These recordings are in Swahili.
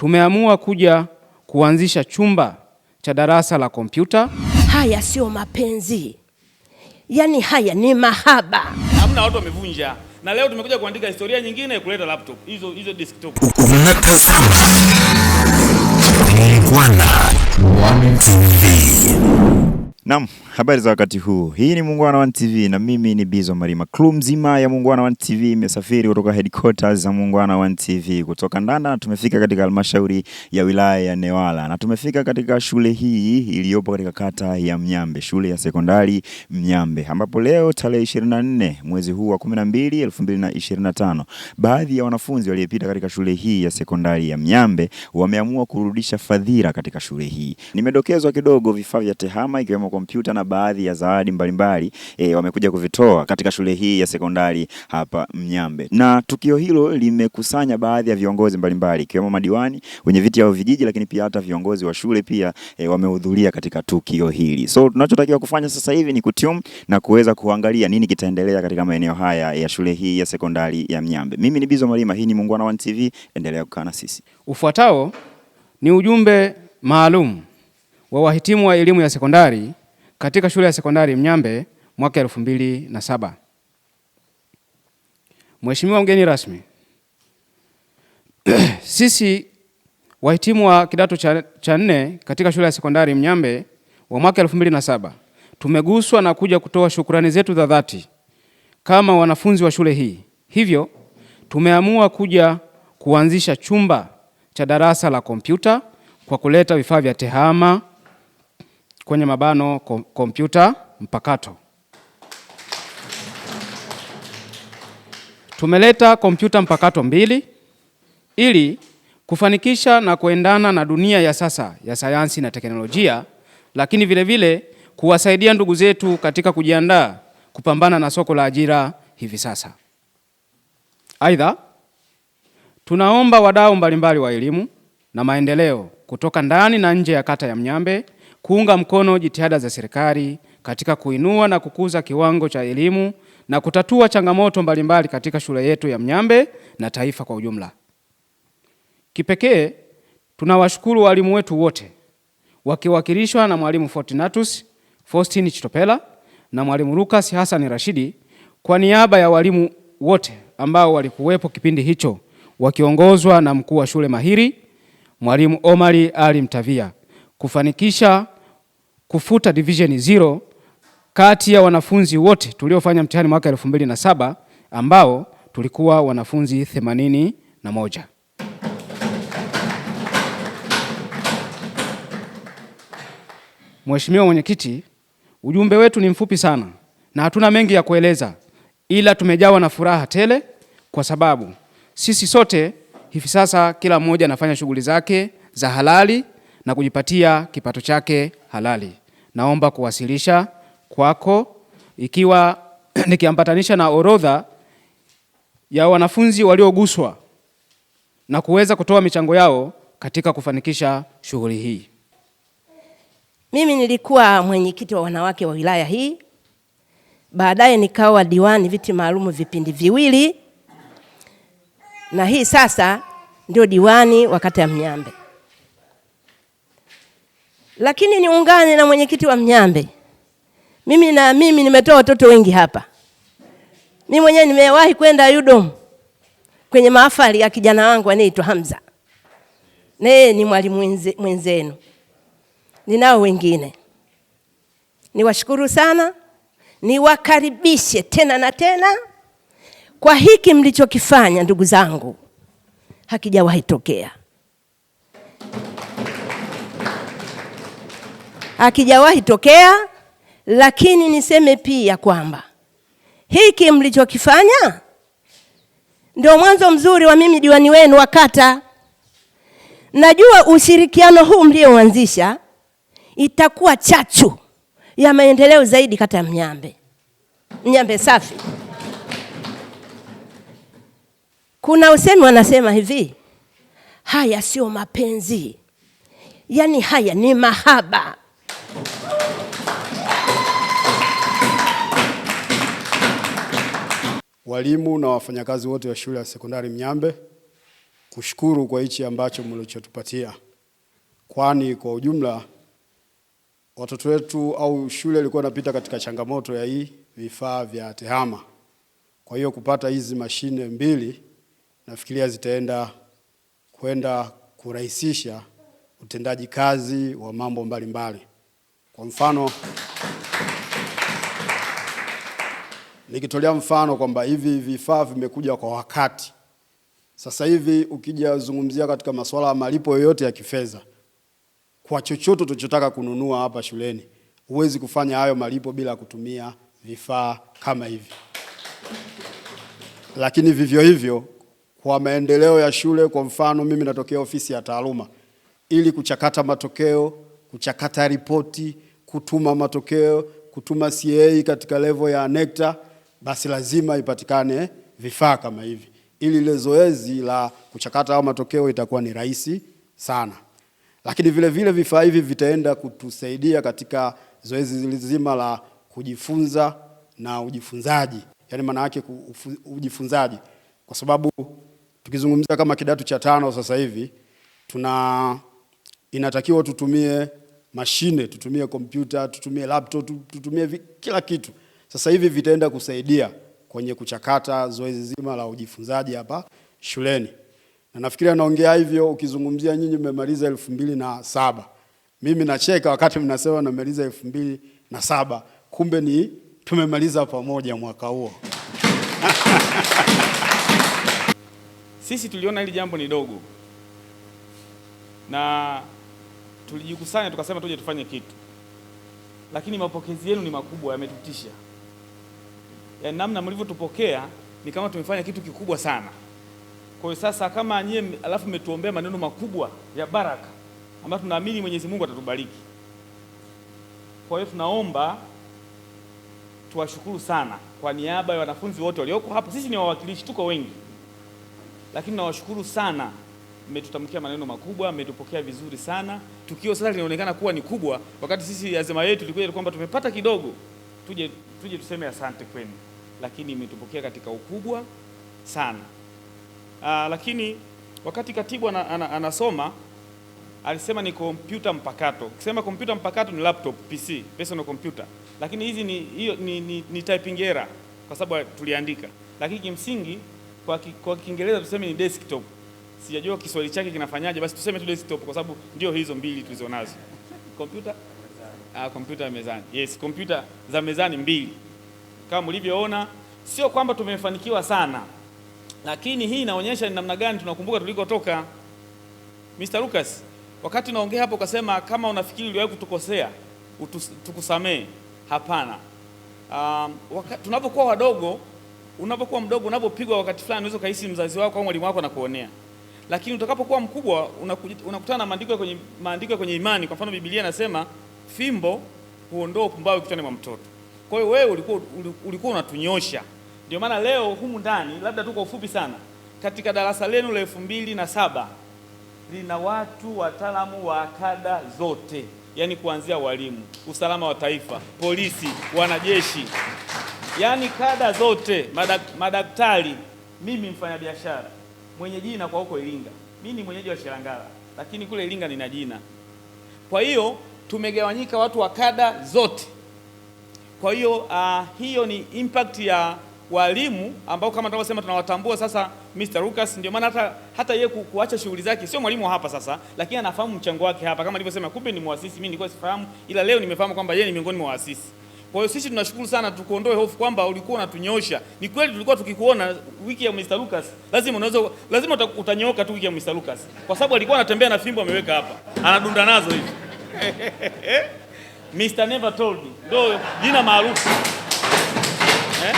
tumeamua kuja kuanzisha chumba cha darasa la kompyuta. Haya sio mapenzi, yaani haya ni mahaba. Hamna, watu wamevunja, na leo tumekuja kuandika historia nyingine, kuleta laptop hizo hizo desktop. Unatazama TV. Naam. Habari za wakati huu. Hii ni Muungwana One TV na mimi ni Bizo Marima. Crew mzima ya Muungwana One TV imesafiri kutoka headquarters za Muungwana One TV kutoka Ndanda, na tumefika katika halmashauri ya wilaya ya Newala na tumefika katika shule hii iliyopo katika kata ya Mnyambe, shule ya sekondari Mnyambe, ambapo leo tarehe 24 mwezi huu wa 12 2025, baadhi ya wanafunzi waliopita katika shule hii ya sekondari ya Mnyambe wameamua kurudisha fadhila katika shule hii. Nimedokezwa kidogo vifaa vya tehama ikiwemo kompyuta na na baadhi ya zawadi mbalimbali e, wamekuja kuvitoa katika shule hii ya sekondari hapa Mnyambe, na tukio hilo limekusanya baadhi ya viongozi mbalimbali ikiwemo madiwani, wenye viti vya vijiji, lakini pia hata viongozi wa shule pia e, wamehudhuria katika tukio hili. So tunachotakiwa kufanya sasa hivi ni kutium na kuweza kuangalia nini kitaendelea katika maeneo haya ya shule hii ya sekondari ya Mnyambe. Mimi ni Bizo Malima, hii ni Muungwana One TV, endelea kukaa na sisi. Ufuatao ni ujumbe maalum wa wahitimu wa elimu ya sekondari katika shule ya sekondari Mnyambe mwaka elfu mbili na saba. Mheshimiwa mgeni rasmi, sisi wahitimu wa kidato cha nne katika shule ya sekondari Mnyambe wa mwaka elfu mbili na saba tumeguswa na kuja kutoa shukurani zetu za dhati kama wanafunzi wa shule hii. Hivyo tumeamua kuja kuanzisha chumba cha darasa la kompyuta kwa kuleta vifaa vya tehama kwenye mabano kompyuta mpakato. Tumeleta kompyuta mpakato mbili ili kufanikisha na kuendana na dunia ya sasa ya sayansi na teknolojia, lakini vile vile kuwasaidia ndugu zetu katika kujiandaa kupambana na soko la ajira hivi sasa. Aidha, tunaomba wadau mbalimbali wa elimu na maendeleo kutoka ndani na nje ya kata ya Mnyambe kuunga mkono jitihada za serikali katika kuinua na kukuza kiwango cha elimu na kutatua changamoto mbalimbali katika shule yetu ya Mnyambe na taifa kwa ujumla. Kipekee tunawashukuru walimu wetu wote wakiwakilishwa na mwalimu Fortunatus Faustin Chitopela na mwalimu Lucas Hassan Rashidi kwa niaba ya walimu wote ambao walikuwepo kipindi hicho wakiongozwa na mkuu wa shule mahiri mwalimu Omari Ali Mtavia kufanikisha kufuta division zero kati ya wanafunzi wote tuliofanya mtihani mwaka saba ambao tulikuwa wanafunzi 81. Mheshimiwa Mwenyekiti, ujumbe wetu ni mfupi sana na hatuna mengi ya kueleza, ila tumejawa na furaha tele kwa sababu sisi sote hivi sasa kila mmoja anafanya shughuli zake za halali na kujipatia kipato chake halali. Naomba kuwasilisha kwako ikiwa nikiambatanisha na orodha ya wanafunzi walioguswa na kuweza kutoa michango yao katika kufanikisha shughuli hii. Mimi nilikuwa mwenyekiti wa wanawake wa wilaya hii, baadaye nikawa diwani viti maalumu vipindi viwili, na hii sasa ndio diwani wa kata ya Mnyambe. Lakini niungane na mwenyekiti wa Mnyambe, mimi na mimi nimetoa watoto wengi hapa. Mimi mwenyewe nimewahi kwenda Yudom kwenye mahafali ya kijana wangu anaitwa Hamza, naye ni mwalimu mwenzenu, ninao wengine. Niwashukuru sana, niwakaribishe tena na tena kwa hiki mlichokifanya, ndugu zangu, hakijawahi tokea. hakijawahi tokea, lakini niseme pia kwamba hiki mlichokifanya ndio mwanzo mzuri wa mimi diwani wenu wa kata. Najua ushirikiano huu mlioanzisha itakuwa chachu ya maendeleo zaidi kata ya Mnyambe. Mnyambe safi. Kuna usemi wanasema hivi, haya sio mapenzi, yaani haya ni mahaba. Walimu na wafanyakazi wote wa shule ya sekondari Mnyambe, kushukuru kwa hichi ambacho mlichotupatia, kwani kwa ujumla watoto wetu au shule ilikuwa inapita katika changamoto ya hii vifaa vya tehama. Kwa hiyo kupata hizi mashine mbili nafikiria zitaenda kwenda kurahisisha utendaji kazi wa mambo mbalimbali mbali. Kwa mfano nikitolea mfano kwamba hivi vifaa vimekuja kwa wakati. Sasa hivi ukijazungumzia katika masuala ya malipo yoyote ya kifedha kwa chochote tunachotaka kununua hapa shuleni, huwezi kufanya hayo malipo bila kutumia vifaa kama hivi. Lakini vivyo hivyo kwa maendeleo ya shule, kwa mfano mimi natokea ofisi ya taaluma, ili kuchakata matokeo, kuchakata ripoti kutuma matokeo, kutuma CA katika level ya NECTA, basi lazima ipatikane vifaa kama hivi, ili ile zoezi la kuchakata hayo matokeo itakuwa ni rahisi sana. Lakini vile vile vifaa hivi vitaenda kutusaidia katika zoezi zima la kujifunza na ujifunzaji, yani maana yake ujifunzaji, kwa sababu tukizungumzia kama kidato cha tano sasa hivi tuna inatakiwa tutumie mashine, tutumie kompyuta, tutumie laptop, tutumie kila kitu. Sasa hivi vitaenda kusaidia kwenye kuchakata zoezi zima la ujifunzaji hapa shuleni. Na nafikiri naongea hivyo ukizungumzia nyinyi mmemaliza elfu mbili na saba. Mimi nacheka wakati mnasema namaliza elfu mbili na saba, kumbe ni tumemaliza pamoja mwaka huo. Sisi tuliona hili jambo ni dogo na tulijikusanya tukasema tuje tufanye kitu, lakini mapokezi yenu ni makubwa, yametutisha. Ya yaani namna mlivyotupokea ni kama tumefanya kitu kikubwa sana. Kwa hiyo sasa, kama nyie, alafu mmetuombea maneno makubwa ya baraka ambayo tunaamini Mwenyezi Mungu atatubariki. Kwa hiyo tunaomba tuwashukuru sana kwa niaba ya wanafunzi wote walioko hapa. Sisi ni wawakilishi, tuko wengi, lakini nawashukuru sana mmetutamkia maneno makubwa, mmetupokea vizuri sana. Tukio sasa linaonekana kuwa ni kubwa, wakati sisi azima yetu ilikuwa kwamba tumepata kidogo, tuje tuje tuseme asante kwenu, lakini mmetupokea katika ukubwa sana. Aa, ah, lakini wakati katibu ana, ana, anasoma alisema ni kompyuta mpakato. Kisema kompyuta mpakato ni laptop, PC, personal computer, lakini hizi ni, hiyo, ni, ni, ni typing error kwa sababu tuliandika, lakini kimsingi kwa Kiingereza tuseme ni desktop sijajua Kiswahili chake kinafanyaje, basi tuseme tu desktop kwa sababu ndio hizo mbili tulizonazo. Kompyuta ah, kompyuta ya mezani. Yes, kompyuta za mezani mbili. Kama mlivyoona, sio kwamba tumefanikiwa sana, lakini hii inaonyesha ni namna gani tunakumbuka tulikotoka. Mr. Lucas, wakati naongea hapo ukasema kama unafikiri uliwahi kutukosea tukusamee. Hapana. Um, tunapokuwa wadogo, unapokuwa mdogo, unapopigwa wakati fulani unaweza kuhisi mzazi wako au mwalimu wako anakuonea lakini utakapokuwa mkubwa unakutana na maandiko kwenye, maandiko kwenye imani. Kwa mfano Biblia inasema fimbo huondoa upumbavu kichwani mwa mtoto. Kwa hiyo wewe ulikuwa, ulikuwa unatunyosha. Ndio maana leo humu ndani, labda tu kwa ufupi sana, katika darasa lenu la elfu mbili na saba lina watu wataalamu wa kada zote, yaani kuanzia walimu, usalama wa taifa, polisi, wanajeshi, yaani kada zote, madaktari, mimi mfanyabiashara mwenye jina kwa huko Iringa. Mimi ni mwenyeji wa shirangala lakini kule Iringa nina jina. Kwa hiyo tumegawanyika watu wa kada zote. Kwa hiyo uh, hiyo ni impact ya walimu ambao kama tunavyosema tunawatambua sasa. Mr. Lucas ndio maana hata hata yeye kuacha shughuli zake, sio mwalimu hapa sasa, lakini anafahamu mchango wake hapa, kama alivyosema, kumbe ni muasisi. Mimi nilikuwa sifahamu, ila leo nimefahamu kwamba yeye ni miongoni mwa waasisi. Kwa hiyo sisi tunashukuru sana, tukuondoe hofu kwamba ulikuwa unatunyosha. Ni kweli tulikuwa tukikuona wiki ya Mr. Lucas, lazima unaweza, lazima utanyoka tu wiki ya Mr. Lucas, kwa sababu alikuwa anatembea na fimbo ameweka hapa, anadunda nazo hivi Mr. Never Told ndio jina maarufu eh?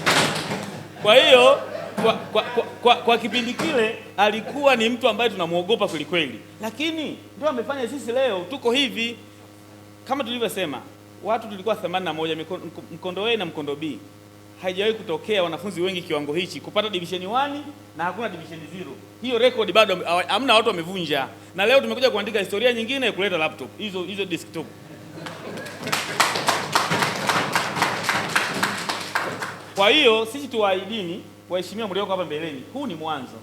kwa hiyo kwa, kwa, kwa, kwa, kwa kipindi kile alikuwa ni mtu ambaye tunamwogopa kwelikweli, lakini ndio amefanya sisi leo tuko hivi kama tulivyosema watu tulikuwa 81 mkondo A na mkondo B. Haijawahi kutokea wanafunzi wengi kiwango hichi kupata division 1 na hakuna division 0. Hiyo rekodi bado hamna, watu wamevunja, na leo tumekuja kuandika historia nyingine ya kuleta laptop hizo hizo desktop. Kwa hiyo sisi tuwaahidini waheshimiwa mlioko hapa mbeleni, huu ni mwanzo.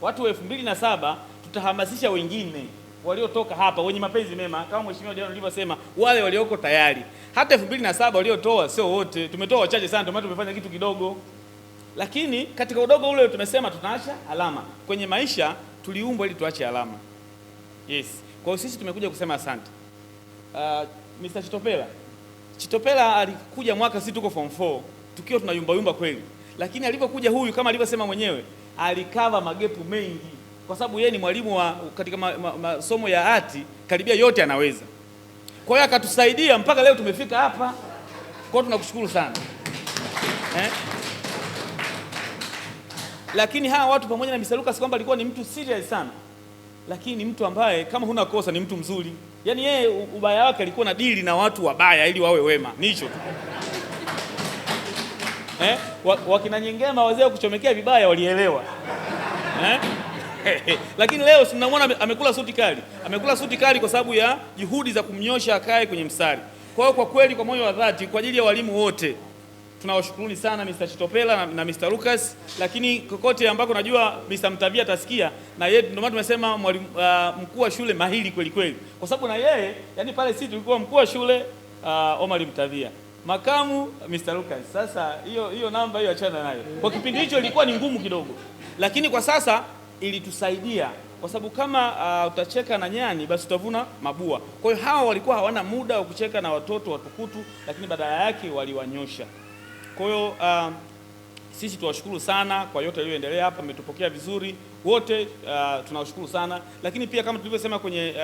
Watu wa elfu mbili na saba tutahamasisha wengine waliotoka hapa wenye mapenzi mema kama mheshimiwa Dion alivyosema, wale walioko tayari. Hata elfu mbili na saba waliotoa sio wote, tumetoa wachache sana, ndio maana tumefanya kitu kidogo, lakini katika udogo ule tumesema tunaacha alama kwenye maisha. Tuliumbwa ili tuache alama, yes. Kwa hiyo sisi tumekuja kusema asante. Uh, Mr. Chitopela Chitopela alikuja mwaka sisi tuko form 4 tukiwa tunayumbayumba kweli, lakini alivyokuja huyu kama alivyosema mwenyewe alikava magepu mengi kwa sababu yeye ni mwalimu wa katika masomo ma, ma, ya hati karibia yote anaweza. Kwa hiyo akatusaidia mpaka leo tumefika hapa. Kwa hiyo tunakushukuru sana eh? Lakini hawa watu pamoja na Mr. Lucas kwamba alikuwa ni mtu serious sana, lakini ni mtu ambaye kama huna kosa ni mtu mzuri. Yaani yeye ubaya wake alikuwa na dili na watu wabaya ili wawe wema, ni hicho tu eh? Wakina Nyengema wazee kuchomekea vibaya walielewa eh? lakini leo sinamwona amekula suti kali. Amekula suti kali kwa sababu ya juhudi za kumnyosha akae kwenye mstari. Kwa hiyo kwa kweli, kwa moyo wa dhati, kwa ajili ya walimu wote tunawashukuruni sana Mr. Chitopela na, na Mr. Lucas, lakini kokote ambako najua Mr. Mtavia atasikia na yeye. Ndio maana tumesema mwalimu uh, mkuu wa shule mahiri kweli kweli, kwa sababu na yeye yani pale sisi tulikuwa mkuu wa shule uh, Omar Mtavia makamu Mr. Lucas. Sasa hiyo hiyo namba hiyo achana nayo, kwa kipindi hicho ilikuwa ni ngumu kidogo, lakini kwa sasa ilitusaidia kwa sababu kama uh, utacheka na nyani basi utavuna mabua. Kwa hiyo hawa walikuwa hawana muda wa kucheka na watoto watukutu, lakini badala yake waliwanyosha. Kwa hiyo uh, sisi tuwashukuru sana kwa yote yaliyoendelea hapa, mmetupokea vizuri wote, uh, tunawashukuru sana lakini pia kama tulivyosema kwenye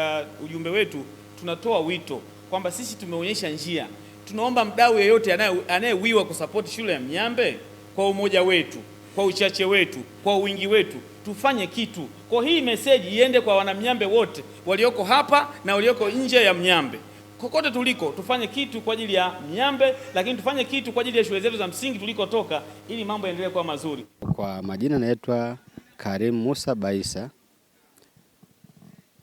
uh, ujumbe wetu, tunatoa wito kwamba sisi tumeonyesha njia. Tunaomba mdau yeyote anayewiwa kusapoti shule ya Mnyambe kwa umoja wetu, kwa uchache wetu, kwa wingi wetu tufanye kitu. Kwa hii meseji iende kwa wanamnyambe wote walioko hapa na walioko nje ya Mnyambe, kokote tuliko, tufanye kitu kwa ajili ya Mnyambe, lakini tufanye kitu kwa ajili ya shule zetu za msingi tulikotoka, ili mambo yaendelee kuwa mazuri. Kwa majina, naitwa Karim Musa Baisa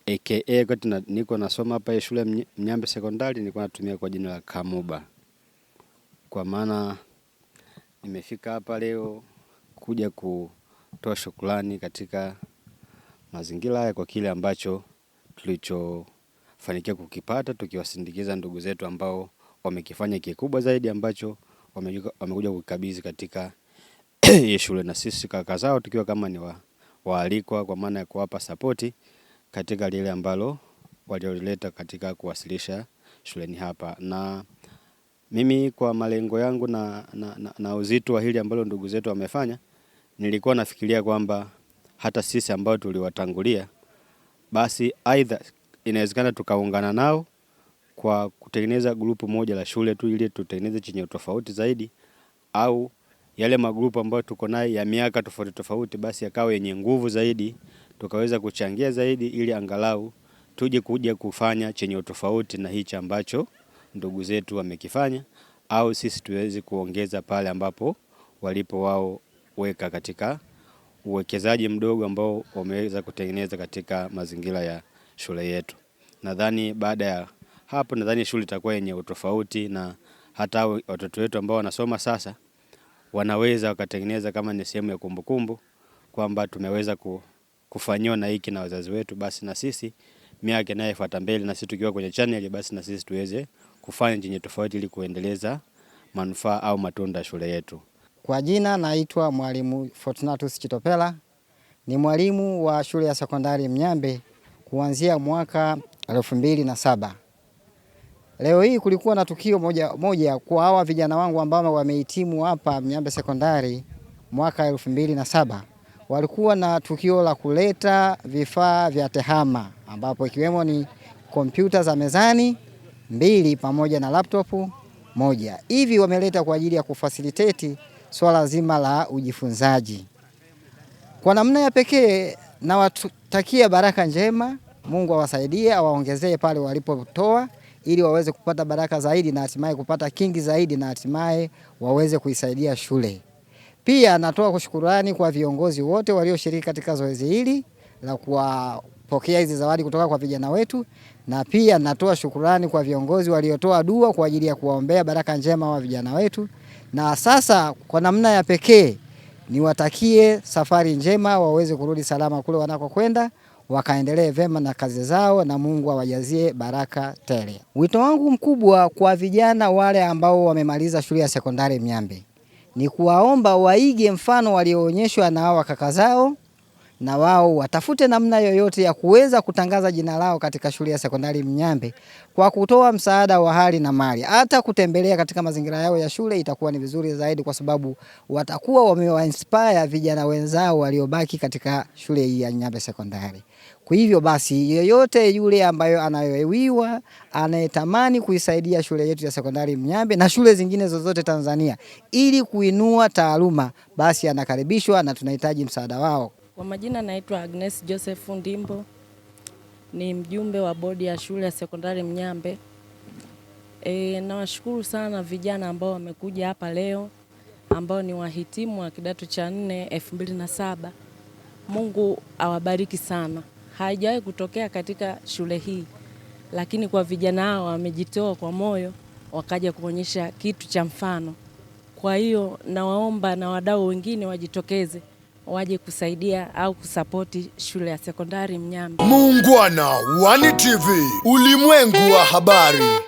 aka kati na, niko nasoma hapa shule Mnyambe Sekondari, niko natumia kwa jina la Kamuba, kwa maana nimefika hapa leo kuja ku kutoa shukrani katika mazingira haya kwa kile ambacho tulichofanikiwa kukipata, tukiwasindikiza ndugu zetu ambao wamekifanya kikubwa zaidi ambacho wamekuja kukikabidhi katika hii shule, na sisi kaka zao tukiwa kama ni wa, waalikwa kwa maana ya kuwapa sapoti katika lile ambalo walioleta katika kuwasilisha shuleni hapa. Na mimi kwa malengo yangu na, na, na, na uzito wa hili ambalo ndugu zetu wamefanya nilikuwa nafikiria kwamba hata sisi ambao tuliwatangulia, basi aidha inawezekana tukaungana nao kwa kutengeneza grupu moja la shule tu ili tutengeneze chenye utofauti zaidi, au yale magrupu ambayo tuko naye ya miaka tofauti tofauti, basi yakawa yenye nguvu zaidi, tukaweza kuchangia zaidi, ili angalau tuje kuja kufanya chenye utofauti na hichi ambacho ndugu zetu wamekifanya, au sisi tuweze kuongeza pale ambapo walipo wao kuweka katika uwekezaji mdogo ambao wameweza kutengeneza katika mazingira ya shule yetu. Nadhani baada ya hapo, nadhani shule itakuwa yenye utofauti na hata watoto wetu ambao wanasoma sasa wanaweza wakatengeneza kama ni sehemu ya kumbukumbu kwamba tumeweza kufanyiwa na hiki na wazazi wetu, basi na sisi miaka inayofuata mbele, na sisi tukiwa kwenye channel, basi na sisi tuweze kufanya chenye tofauti ili kuendeleza manufaa au matunda ya shule yetu. Kwa jina naitwa Mwalimu Fortunatus Chitopela, ni mwalimu wa shule ya sekondari Mnyambe kuanzia mwaka elfu mbili na saba. Leo hii kulikuwa na tukio moja, moja kwa hawa vijana wangu ambao wamehitimu hapa Mnyambe sekondari mwaka elfu mbili na saba walikuwa na tukio la kuleta vifaa vya tehama ambapo ikiwemo ni kompyuta za mezani mbili pamoja na laptopu moja. Hivi wameleta kwa ajili ya kufasiliteti swala zima la ujifunzaji. Kwa namna ya pekee nawatakia baraka njema, Mungu awasaidie, awaongezee pale walipotoa ili waweze kupata baraka zaidi na hatimaye kupata kingi zaidi na hatimaye waweze kuisaidia shule. Pia natoa kushukurani kwa viongozi wote walioshiriki katika zoezi hili la kuwapokea hizi zawadi kutoka kwa vijana wetu, na pia natoa shukurani kwa viongozi waliotoa dua kwa ajili ya kuwaombea baraka njema wa vijana wetu. Na sasa kwa namna ya pekee niwatakie safari njema, waweze kurudi salama kule wanakokwenda, wakaendelee vema na kazi zao, na Mungu awajazie wa baraka tele. Wito wangu mkubwa kwa vijana wale ambao wamemaliza shule ya sekondari Myambi ni kuwaomba waige mfano walioonyeshwa na hawa kaka zao na wao watafute namna yoyote ya kuweza kutangaza jina lao katika shule ya sekondari Mnyambe kwa kutoa msaada wa hali na mali. Hata kutembelea katika mazingira yao ya shule itakuwa ni vizuri zaidi, kwa sababu watakuwa wamewainspire vijana wenzao waliobaki katika shule hii ya Mnyambe sekondari. Kwa hivyo basi, yoyote yule ambayo anayewiwa anayetamani kuisaidia shule yetu ya sekondari Mnyambe na shule zingine zozote Tanzania ili kuinua taaluma, basi anakaribishwa na tunahitaji msaada wao. Kwa majina naitwa Agnes Joseph Ndimbo, ni mjumbe wa bodi ya shule ya sekondari Mnyambe. E, nawashukuru sana vijana ambao wamekuja hapa leo ambao ni wahitimu wa kidato cha nne elfu mbili na saba. Mungu awabariki sana. Haijawahi kutokea katika shule hii, lakini kwa vijana hao wamejitoa kwa moyo, wakaja kuonyesha kitu cha mfano. Kwa hiyo nawaomba na wadau wengine wajitokeze waje kusaidia au kusapoti shule ya sekondari Mnyambi. Muungwana One TV, ulimwengu wa habari.